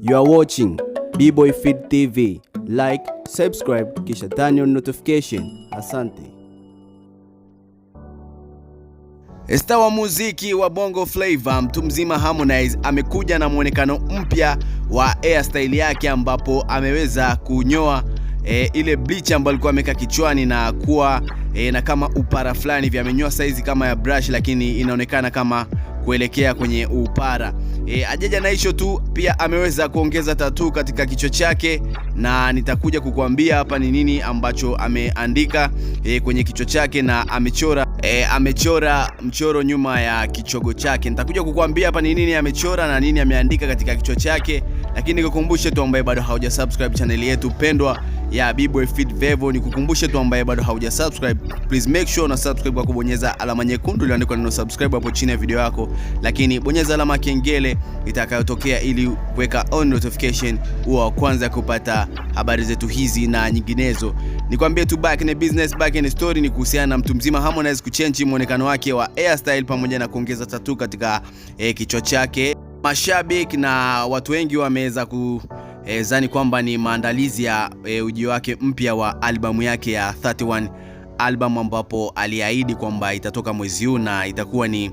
You are watching B-Boy Feed TV. Like, subscribe kisha turn on notification. Asante. Esta wa muziki wa Bongo Flava mtu mzima Harmonize amekuja na mwonekano mpya wa style yake ambapo ameweza kunyoa e, ile bleach ambayo alikuwa ameweka kichwani na kuwa e, na kama upara fulani hivi amenyoa saizi kama ya brush, lakini inaonekana kama kuelekea kwenye upara. E, ajaja na hicho tu pia ameweza kuongeza tatu katika kichwa chake, na nitakuja kukuambia hapa ni nini ambacho ameandika e, kwenye kichwa chake na amechora e, amechora mchoro nyuma ya kichogo chake. Nitakuja kukuambia hapa ni nini amechora na nini ameandika katika kichwa chake, lakini nikukumbushe tu ambaye bado hauja subscribe channel yetu pendwa ya Bboy Fit Vevo. Nikukumbushe tu ambaye bado hauja subscribe, please make sure una subscribe kwa kubonyeza alama nyekundu iliyoandikwa neno subscribe hapo chini ya video yako, lakini bonyeza alama ya kengele itakayotokea ili kuweka on notification, uwa wa kwanza kupata habari zetu hizi na nyinginezo. Nikwambie tu back in business, back in story ni kuhusiana na mtu mzima Harmonize kuchange muonekano wake wa hairstyle pamoja na kuongeza tatu katika eh, kichwa chake. Mashabiki na watu wengi wameweza ku e, zani kwamba ni maandalizi ya e, ujio wake mpya wa albamu yake ya 31 album ambapo aliahidi kwamba itatoka mwezi huu na itakuwa ni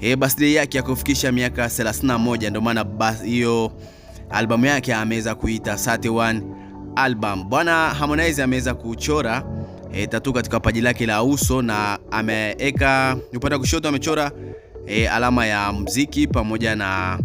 e, birthday yake ya kufikisha miaka 31. Ndio maana hiyo albamu yake ameweza kuita 31 album. Bwana Harmonize ameweza kuchora e, tatu katika paji lake la uso na ameweka upande wa kushoto amechora e, alama ya mziki pamoja na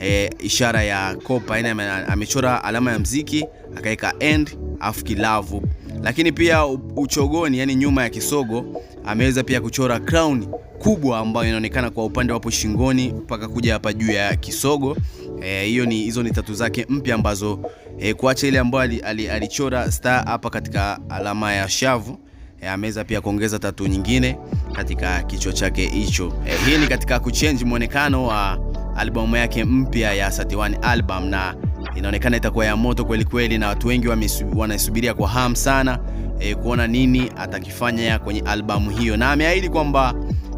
e, ishara ya kopa, yani amechora alama ya mziki akaweka end afu kilavu, lakini pia uchogoni, yani nyuma ya kisogo ameweza pia kuchora crown kubwa ambayo inaonekana kwa upande wapo shingoni mpaka kuja hapa juu ya kisogo eh, hiyo. E, ni hizo ni tatu zake mpya ambazo e, kuacha ile ambayo alichora ali, ali star hapa katika alama ya shavu e, ameweza pia kuongeza tatu nyingine katika kichwa chake hicho. E, hii ni katika kuchange muonekano wa albamu yake mpya ya One album na inaonekana itakuwa ya moto kweli kweli, na watu wengi wanaisubiria kwa hamu sana e, kuona nini atakifanya kwenye albamu hiyo, na ameahidi kwamba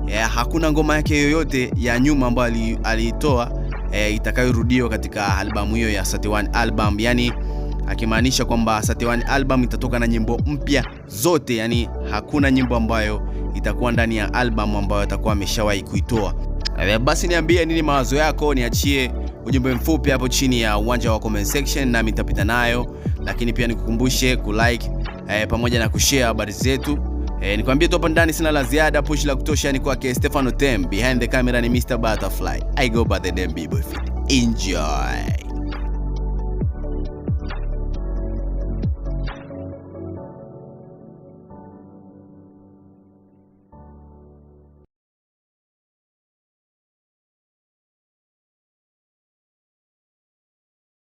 e, hakuna ngoma yake yoyote ya nyuma ambayo aliitoa e, itakayorudiwa katika albamu hiyo ya One album, yani akimaanisha kwamba One album itatoka na nyimbo mpya zote, yani hakuna nyimbo ambayo itakuwa ndani ya albamu ambayo atakuwa ameshawahi kuitoa. Basi niambie nini mawazo yako, niachie ujumbe mfupi hapo chini ya uwanja wa comment section, nami mitapita nayo, lakini pia nikukumbushe kulike eh, pamoja na kushare habari zetu. Eh, nikwambie tu hapa ndani sina la ziada. Push la kutosha ni kwake Stefano Tem, behind the camera ni Mr Butterfly. I go by the name Bboy Enjoy.